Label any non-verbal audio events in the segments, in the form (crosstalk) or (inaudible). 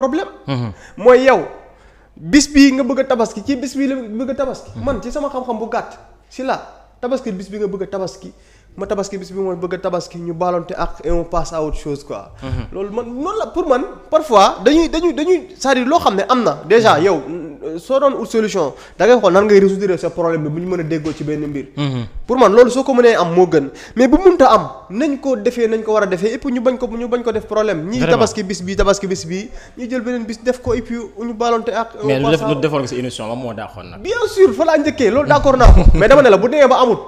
problème. Mhm. mooy yow bis bii nga bëgg a tabaski ci bis bii la bëgg tabaski. Mhm. man ci sama xam-xam bu gàtt si la tabaski bis bi nga bëgg tabaski ma tabaski bis bi mooy bëgg a tabaski ñu baalonte ak et on passe à autre chose quoi. Mhm. loolu man noonu la pour man parfois dañuy dañuy dañuy cest loo xam ne am na déjà yow. Euh, soo doon ut solution da ngay nan ngay résoudre sa problème bi bu ñu mën a déggoo ci benn mbir. Mhm. pour man loolu soo ko mënee am moo gën mais bu munta am nañ ko defee nañ ko war a defee et ñu bañ ko ñu bañ ko def problème. ñii tabaski bis bi tabaski bis bi ñu jël beneen bis def ko et puis ñu baalonte ak. Euh, mais lu defoon nga sa émission ba moo daaxoon nag. bien sûr fa laa njëkkee loolu d'accord naa ko (laughs) mais dama ne la bu demee ba amut.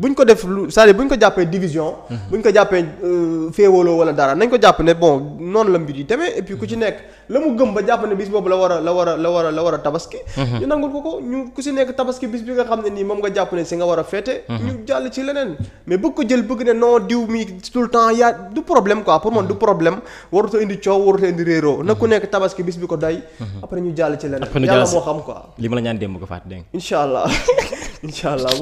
bu ñu ko def lu cest bu ñu ko jàppee division. Mhm. bu ñu ko jàppee euh, féewaloo wala dara nañ ko jàpp ne bon noonu la mbir yi demee et ku ci mhm. nekk la mu gëm ba jàpp ne bis boobu la war a la war a la war a la war tabaski. Mhm. ñu nangul ko ko ñu ku si nekk tabaski bis bi nga xam ne nii moom nga jàpp ne si nga war a jàll ci leneen mais bëgg ko jël bëgg ne non diw mi tout le temps yaa du problème quoi man du problème warut indi coow warut a indi réeroo na ku nekk tabaski bis bi ko doy. après ñu jàll ci leneen. après xam ko li ma la ñaan démb ko fàtte dégg incha allah (laughs) incha allah (laughs)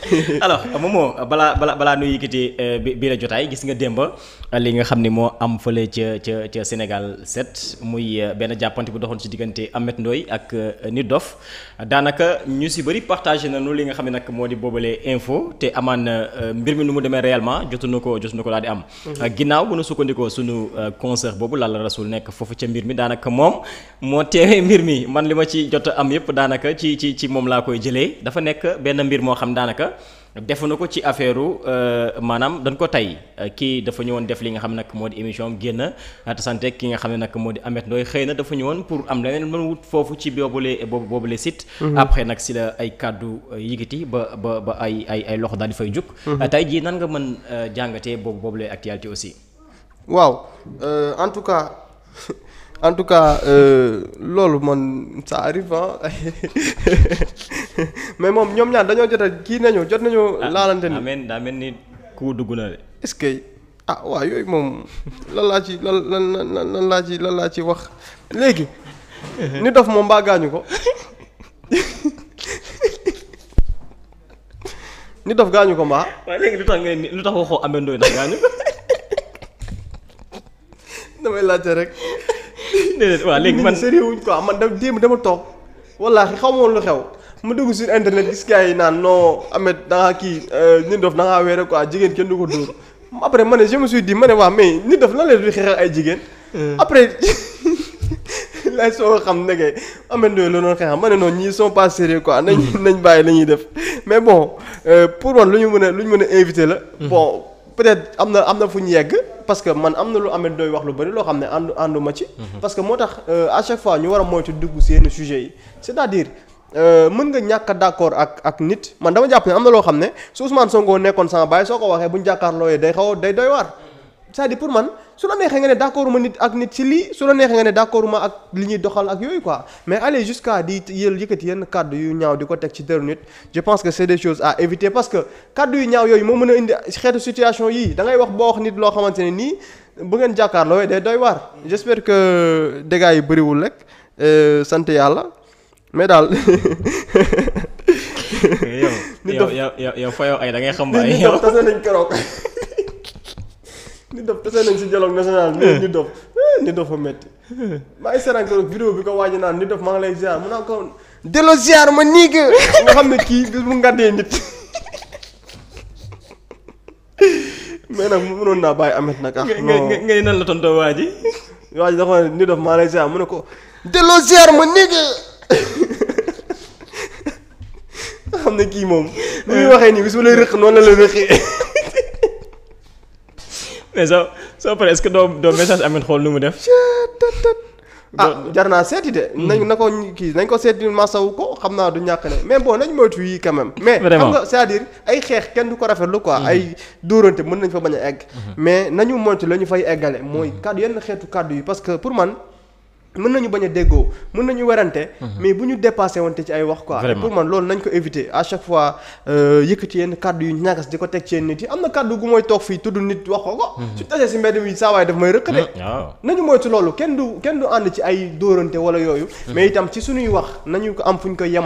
(laughs) alors Momo balaa balaa balaa nuy yëkkati euh, bi la jotaay gis nga démba euh, li nga xam ni moo am fële ca ca ca Sénégal set muy euh, benn jàppante bu doxoon ci diggante Ameth Ndoye ak Nit Doff daanaka ñu si bëri na nañu li nga xam ne nag moo di boobale info te amaan mbir mi nu mu demee réellement jotu na ko jotu na ko laa di am. Mhm. ginnaaw bu nu sukkandikoo sunu concert boobu Lalla Rasoul nekk foofu ca mbir mi daanaka moom moo teewee mbir mi man li ma ci jot am yëpp daanaka ci ci ci moom laa koy jëlee dafa nekk benn mbir moo xam daanaka. la defu na ko ci affaire euh, maanaam dañ ko tey kii dafa ñëwoon def li nga xam nag moo di émission am génn tasante ki nga xam ne nag moo di Ameth Ndoye xëy na dafa ñëwoon pour am leneen mën wut foofu ci boobule boobu boobule site. Mhm. après nag si la ay kàddu euh, yigiti ba ba ba ay ay ay loxo daal di fay jug. Mhm. tay ji nan nga mën euh, jàngatee boobu boobule actualité aussi. waaw en tout cas. (laughs) en tout cas euh, loolu man ça arrive (laughs) mais moom ñoom ñaar dañoo jot kii nañu jot nañu. Ah, laalante ni daa mel ni ku dugg na de. est ah waaw yooyu moom lan laa ci lan lan lan laa ci lan laa ci wax léegi. (laughs) ni dof moom mbaa gaañu ko. (laughs) ni dof gaañu ko mbaa. waaye léegi lu tax ngay lu tax waxoo amendoo ndax gaañu ko. damay laajte rek. déedéet léegi man sérieux wuñ quoi man dama démb dama toog walla xaw ma xew ma dugg sur internet gis gars yi naan noo Ameth da kii euh, nit dof da ngaa weere quoi jigéen kenn du ko dóor après ma ne je me suis ma ne waa mais nit dof lan la di xeexal ay jigéen. Euh. après lay (laughs) soo xam ne kay Ameth Ndoye la doon xeexal ma ne noonu ñii sont pas sérieux quoi nañ (laughs) nañ bàyyi la ñuy def mais bon euh, pour wan lu ñu mën lu ñu mën a invité la. Mm-hmm. bon peut-être am na am na fu ñu yegg. parce que man am na lu Ameth Ndoye wax lu bëri loo xam ne àndu ànduma ci. Mhm. parce que moo tax euh, à chaque fois ñu war a moytu dugg si yenn yi c'est-à-dire. Euh, mën nga ñàkk d'accord ak ak nit man dama jàpp ne am na loo xam ne su Ousmane Sonko nekkoon sama baay soo ko waxee bu ñu jàkkaarloo day xaw day doy waar. cest à pour man su la neexee nga ne d'accord ma nit ak nit ci lii su la neexee nga ne d'accord ma ak li ñuy doxal ak yooyu quoi mais aller jusqu'à di yël yëkkati yenn kàddu yu ñaaw di ko teg ci dër nit je pense que c'est des choses à éviter parce que kàddu yu ñaaw yooyu moo mën a indi xeetu situation yii da ngay wax boo wax nit loo xamante ne nii bu ngeen jàkkaarloo day doy waar. j'espère que dégâts yi bëriwul rek euh, sant yàlla mais daal. (laughs) yow yow yow ay da ngay xam ba ay (laughs) nit dof tase nañ si dialogue national bi. nit dof eh, nit dof fa métti. (laughs) maa ngi seetaan keroog vidéo bi ko waaj naan nit dof maa ngi lay ziar mu naa ko delloo ziar ma nii que (laughs) nga xam ne kii bis bu ngàddee nit. (laughs) mais nag mënoon naa bàyyi Ameth nag. ah non ngay nan la tontoo waa ji. waa ji dafa nit dof maa ngi lay ziar mu ne ko delloo ziar ma nii nga xam ne kii moom. li muy eh. waxee nii bis bu lay rëq noonu la la rëqee. mais soo soo paree est-ce que doo doo message amit xool nu mu def. ah jar naa seeti de. Hmm. nañ na ko kii nañ ko seeti masawu ko xam naa du ñàkk ne mais bon nañ moytu yii quand même. mais xam nga cest ay xeex kenn du ko rafetlu ko hmm. ay dóorante mën nañ fa bañ a egg. Hmm. mais nañu moytu la ñu fay eggale mooy kàddu yenn xeetu kàddu yi parce que pour man. mën nañu bañ a déggoo mën nañu werante mhm. mais bu ñu dépassé wante ci ay wax quoi pour man loolu nañ ko éviter à chaque fois euh, yëkkati yenn kàddu yu ñagas di ko teg ci yenn nit am na kàddu gu mooy toog fii tudd nit wax ko ko mhm. su tasee si mbedd mi mhm. loolu kenn du kenn du ànd ci ay dóorante wala yooyu mais itam ci suñuy wax nañu ko am fu ñu koy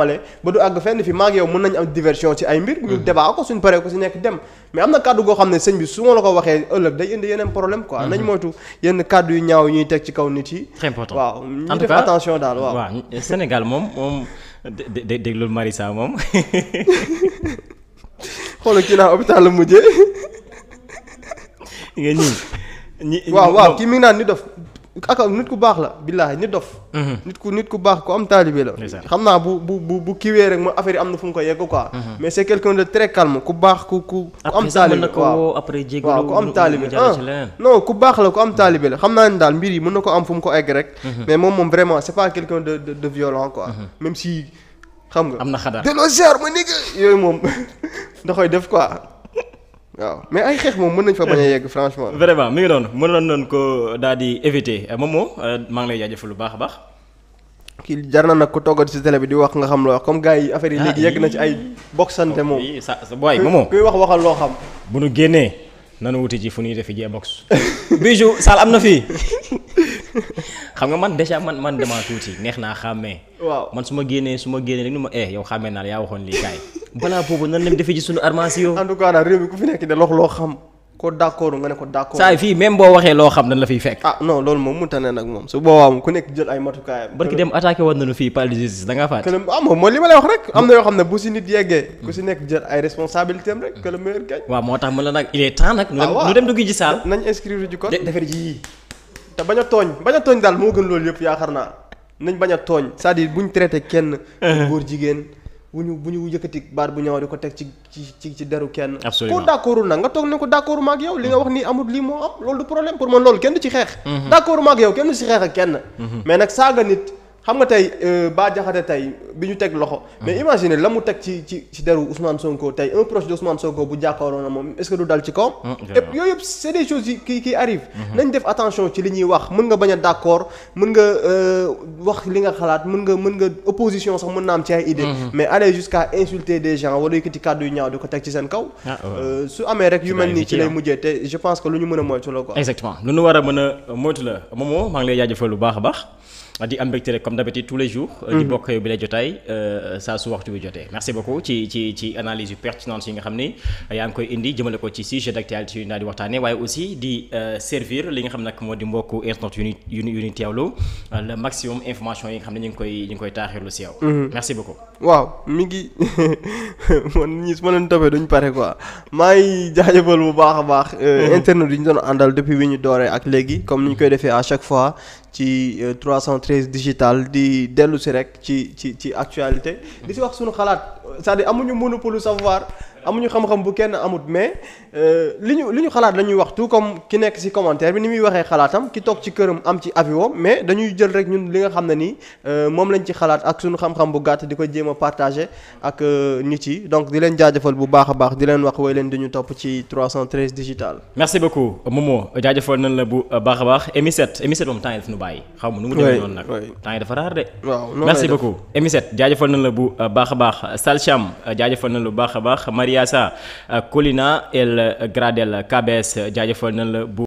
ba du àgg fenn fi maa yow mën nañu am ci ay mbir ñu débat ko suñ paree ko si nekk dem mais am na kàddu goo xam ne sëñ bi su la ko waxee ëllëg day indi yeneen problème quoi nañ moytu yenn kàddu yu ñaaw ñuy teg ci kaw nit yi waaw waaw ñu def attention daal waaw Sénégal moom moom dé déglul Marissa moom. (laughs) xoolal kii naa hôpital la mujjee. nga ñii. ñi waaw waaw kii mi ni dof aka nit ku baax la billaahi nit dof. Mhm. nit ku nit ku baax ku am taalibe la. xam naa bu bu bu bu kiiwee rek ma affaire yi am na fu mu ko yegg quoi. Mhm. mais c' est de très calme ku baax ku ku. ku am taalibe ah. la ku am taalibe la xam naa ne daal mbir yi mën na ko am fu mu ko egg rek. Mhm. mais moom moom vraiment c' est pas quelqu' de de violent quoi. même si xam nga. am na xadar de nos ma ni yooyu moom (laughs) da koy def quoi. waaw mais ay xeex moom mën nañ fa bañ a yegg franchement. vraiment mi ngi doon mënoon nañ ko daal di éviter moom euh, moo euh, maa ngi lay jaajëfal lu baax a baax. kii jar na nag ko toggat ci télé bi di wax nga xam loo wax comme gars yi affaire yi ah, léegi yegg na ci ay. boxante oh, moom sa sa booy moom kuy wax waxal loo xam. bu nu génnee nanu wuti ci fu ñuy defi jee box. (laughs) bijou saal am na fii. (laughs) xam nga man déjà man man damaa tuuti neex naa xàmmee. waaw man su ma génnee su ma génnee rek ma eh, yow xàmmee naa la waxoon lii balaa boobu nan lañ defee ci suñu armation. en tout cas daal réew mi ku fi nekk de lox loo xam. ko d'accord nga ne ko d'accord. saa fii même boo waxee loo xam ne la fiy fekk. ah non loolu moom mu tane nag moom su boobaa moom ku nekk jël ay matukaayam. barki dem attaqué woon nañu fii palais de justice ah, na yoo xam ne bu si nit nag il ah, te bañ a tooñ bañ a tooñ daal moo loolu yëpp yaakaar naa nañ bañ a tooñ. c'est-à-dire buñ traité kenn. (laughs) góor jigéen bu ñu bu ñu yëkkati baat bu ñaaw di ko teg ci ci ci deru kenn. absolument ku d'accordul nag nga toog ne ko d'accord ma ak li nga wax ni amul lii moo am loolu du problème pour man loolu kenn du ci xeex. Mhm. d'accord ma ak kenn du ci xeex ak kenn. Mhm. mais nag saaga nit. xam nga tey euh, Bah Diakhaté tey bi ñu teg loxo. Ah. mais imagine la mu teg ci ci ci deru Ousmane Sonko tey un proche de Ousmane Sonko bu jàkkaaroon na moom est-ce que du dal ci kaw ah, et yooyu yëpp c'est des choses yi kii kii arrive mhm. nañ def attention ci li ñuy wax mën nga bañ a d'accord mën nga euh, wax li nga xalaat mën nga mën nga opposition sax mën naa am ci ay idées. Mhm. mais aller jusqu'à insulter des gens wala yëkkati kàddu yu ñaaw di ko teg ci seen kaw. Ah, euh, su amee rek yu mel nii ci lay mujjee te je pense que lu ñu mën a moytu la quoi. exactement lu war a mën a moytu la moom maa ngi lay jaajëfal lu baax a baax di am mbégte rek comme d'habitude tous les jours. Euh, di mhm. bokk bi la jotaay euh, saa su waxtu bi jotee merci beaucoup ci ci ci analyse yu pertinente yi nga xam ni euh, yaa ngi koy indi jëmale ko ci sujet d'actualité yu ñu daal nga xam ni yi nga xam ne ñu ngi koy ñu ngi koy mhm. merci beaucoup. waaw mi ngi (laughs) man ñi su ma leen toppee duñ pare quoi maa ngi bu baax a baax. Mhm. internet yi ñu doon àndal depuis bi ñu dooree ak léegi comme ni ñu koy defee à chaque fois ci 13 digital di dellu si rek ci ci ci actualité. di si wax suñu xalaat c'est-à-dire amuñu monopole savoir. amuñu xam-xam bu kenn amut mais euh, li ñu li ñu xalaat la ñuy wax tout comme ki nekk ci commentaire bi ni muy waxee xalaatam ki toog ci këram am ci avion mais dañuy jël rek ñun li nga xam ne nii euh, moom lañ ci xalaat ak suñu xam-xam bu gàtt di ko jéem a partager ak euh, nit yi donc di leen jaajëfal bu baax a baax di leen wax way leen di ñu topp ci 313 digital. merci beaucoup Momo jaajafal nañ la bu baax a baax émissaire émissaire moom temps yi daf bàyyi. xaw ma nu mu demee noonu nag temps yi dafa raar de. nañ la bu baax a baax Salcham jaajëfal nañ la bu baax a baax Yassa Colina El Gradel KBS jaajëfal nan la bu